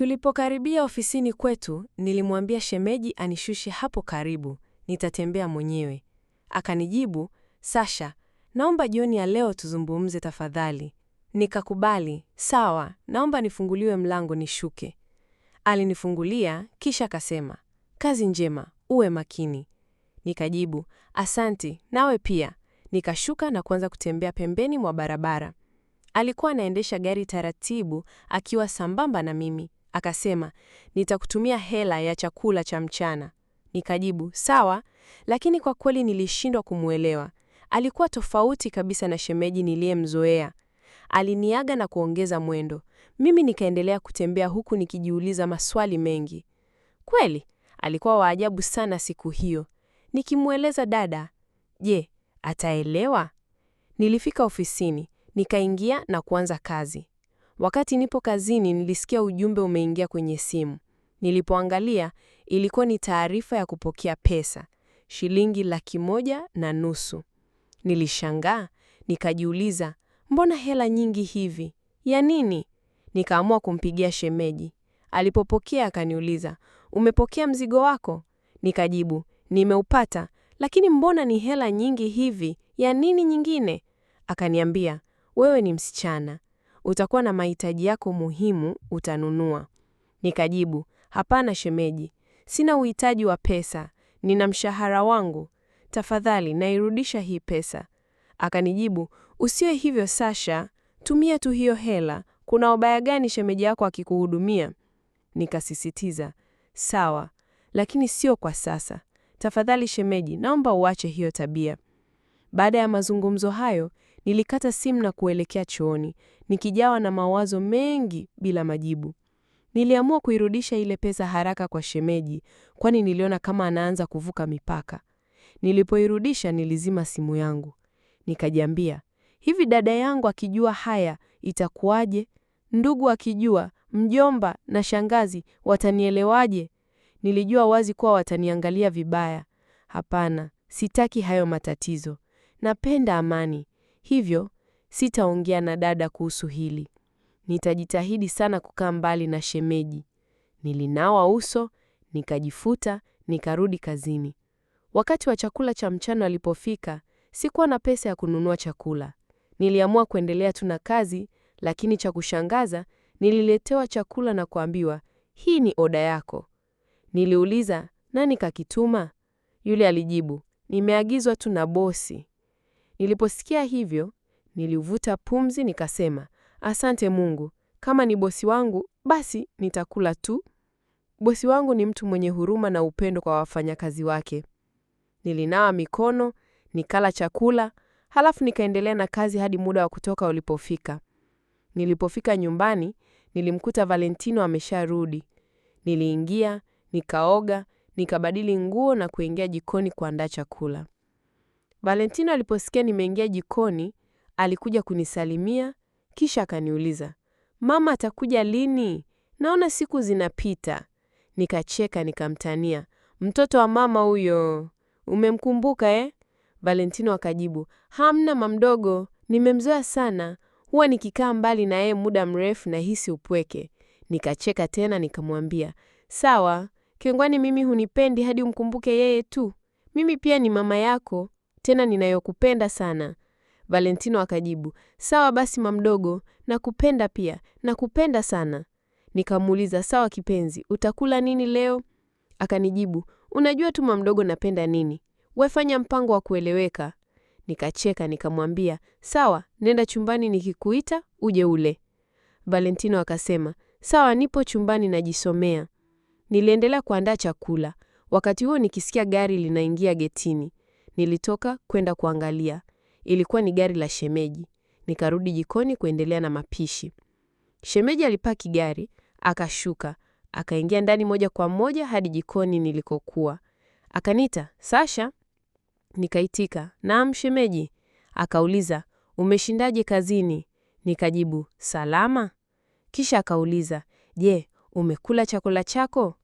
Tulipokaribia ofisini kwetu, nilimwambia shemeji anishushe hapo karibu, nitatembea mwenyewe. Akanijibu, Sasha, naomba jioni ya leo tuzungumze tafadhali. Nikakubali, sawa, naomba nifunguliwe mlango nishuke. Alinifungulia kisha akasema, kazi njema, uwe makini. Nikajibu, asanti nawe pia. Nikashuka na kuanza kutembea pembeni mwa barabara. Alikuwa anaendesha gari taratibu, akiwa sambamba na mimi. Akasema, nitakutumia hela ya chakula cha mchana. Nikajibu sawa, lakini kwa kweli nilishindwa kumwelewa. Alikuwa tofauti kabisa na shemeji niliyemzoea. Aliniaga na kuongeza mwendo. Mimi nikaendelea kutembea huku nikijiuliza maswali mengi. Kweli alikuwa wa ajabu sana siku hiyo. Nikimweleza dada, je, ataelewa? Nilifika ofisini, nikaingia na kuanza kazi. Wakati nipo kazini, nilisikia ujumbe umeingia kwenye simu. Nilipoangalia, ilikuwa ni taarifa ya kupokea pesa, shilingi laki moja na nusu. Nilishangaa, nikajiuliza, mbona hela nyingi hivi? Ya nini? Nikaamua kumpigia shemeji. Alipopokea akaniuliza, umepokea mzigo wako? Nikajibu, nimeupata, lakini mbona ni hela nyingi hivi? Ya nini nyingine? Akaniambia, wewe ni msichana, utakuwa na mahitaji yako muhimu, utanunua. Nikajibu, hapana shemeji, sina uhitaji wa pesa, nina mshahara wangu, tafadhali nairudisha hii pesa. Akanijibu, usiwe hivyo Sasha, tumia tu hiyo hela, kuna ubaya gani shemeji yako akikuhudumia? Nikasisitiza, sawa, lakini sio kwa sasa, tafadhali shemeji, naomba uache hiyo tabia. Baada ya mazungumzo hayo Nilikata simu na kuelekea chooni, nikijawa na mawazo mengi bila majibu. Niliamua kuirudisha ile pesa haraka kwa shemeji, kwani niliona kama anaanza kuvuka mipaka. Nilipoirudisha nilizima simu yangu. Nikajiambia, hivi dada yangu akijua haya itakuwaje? Ndugu akijua, mjomba na shangazi watanielewaje? Nilijua wazi kuwa wataniangalia vibaya. Hapana, sitaki hayo matatizo. Napenda amani. Hivyo, sitaongea na dada kuhusu hili. Nitajitahidi sana kukaa mbali na shemeji. Nilinawa uso, nikajifuta, nikarudi kazini. Wakati wa chakula cha mchana alipofika, sikuwa na pesa ya kununua chakula. Niliamua kuendelea tu na kazi, lakini cha kushangaza, nililetewa chakula na kuambiwa, hii ni oda yako. Niliuliza, nani kakituma? Yule alijibu, nimeagizwa tu na bosi. Niliposikia hivyo, nilivuta pumzi nikasema, asante Mungu, kama ni bosi wangu basi nitakula tu. Bosi wangu ni mtu mwenye huruma na upendo kwa wafanyakazi wake. Nilinawa mikono, nikala chakula, halafu nikaendelea na kazi hadi muda wa kutoka ulipofika. Nilipofika nyumbani, nilimkuta Valentino amesharudi. Niliingia, nikaoga, nikabadili nguo na kuingia jikoni kuandaa chakula. Valentino aliposikia nimeingia jikoni, alikuja kunisalimia kisha akaniuliza, "Mama atakuja lini? Naona siku zinapita." Nikacheka nikamtania, "Mtoto wa mama huyo. Umemkumbuka eh?" Valentino akajibu, "Hamna mamdogo, nimemzoea sana. Huwa nikikaa mbali na yeye muda mrefu nahisi upweke." Nikacheka tena nikamwambia, "Sawa, kengwani mimi hunipendi hadi umkumbuke yeye tu. Mimi pia ni mama yako." tena ninayokupenda sana. Valentino akajibu, sawa basi mamdogo, nakupenda pia, nakupenda sana. Nikamuuliza, sawa kipenzi, utakula nini leo? Akanijibu, unajua tu mamdogo, napenda nini. Wefanya mpango wa kueleweka. Nikacheka nikamwambia, sawa, nenda chumbani, nikikuita uje ule. Valentino akasema, sawa, nipo chumbani najisomea. Niliendelea kuandaa chakula. Wakati huo nikisikia gari linaingia getini. Nilitoka kwenda kuangalia. Ilikuwa ni gari la shemeji. Nikarudi jikoni kuendelea na mapishi. Shemeji alipaki gari, akashuka, akaingia ndani moja kwa moja hadi jikoni nilikokuwa. Akanita, Sasha? Nikaitika, naam shemeji. Akauliza, umeshindaje kazini? Nikajibu, salama. Kisha akauliza, je, umekula chakula chako?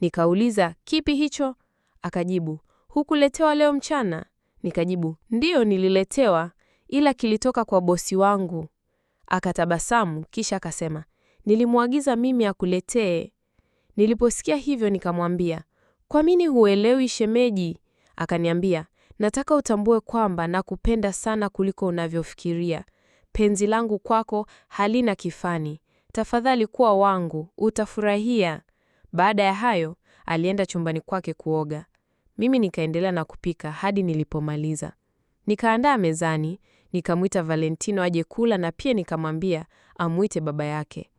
Nikauliza, kipi hicho? Akajibu, hukuletewa leo mchana? Nikajibu, ndiyo nililetewa, ila kilitoka kwa bosi wangu. Akatabasamu kisha akasema, nilimwagiza mimi akuletee. Niliposikia hivyo nikamwambia, kwa nini huelewi shemeji? Akaniambia, nataka utambue kwamba nakupenda sana kuliko unavyofikiria. Penzi langu kwako halina kifani. Tafadhali kuwa wangu, utafurahia. Baada ya hayo, alienda chumbani kwake kuoga. Mimi nikaendelea na kupika hadi nilipomaliza. Nikaandaa mezani, nikamwita Valentino aje kula na pia nikamwambia amwite baba yake.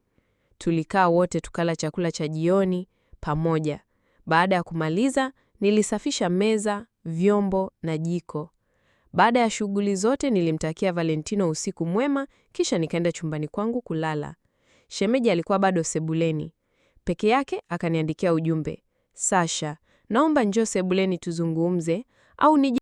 Tulikaa wote tukala chakula cha jioni pamoja. Baada ya kumaliza, nilisafisha meza, vyombo na jiko. Baada ya shughuli zote nilimtakia Valentino usiku mwema, kisha nikaenda chumbani kwangu kulala. Shemeji alikuwa bado sebuleni. Peke yake akaniandikia ujumbe, Sasha, naomba njoo sebuleni tuzungumze, au nije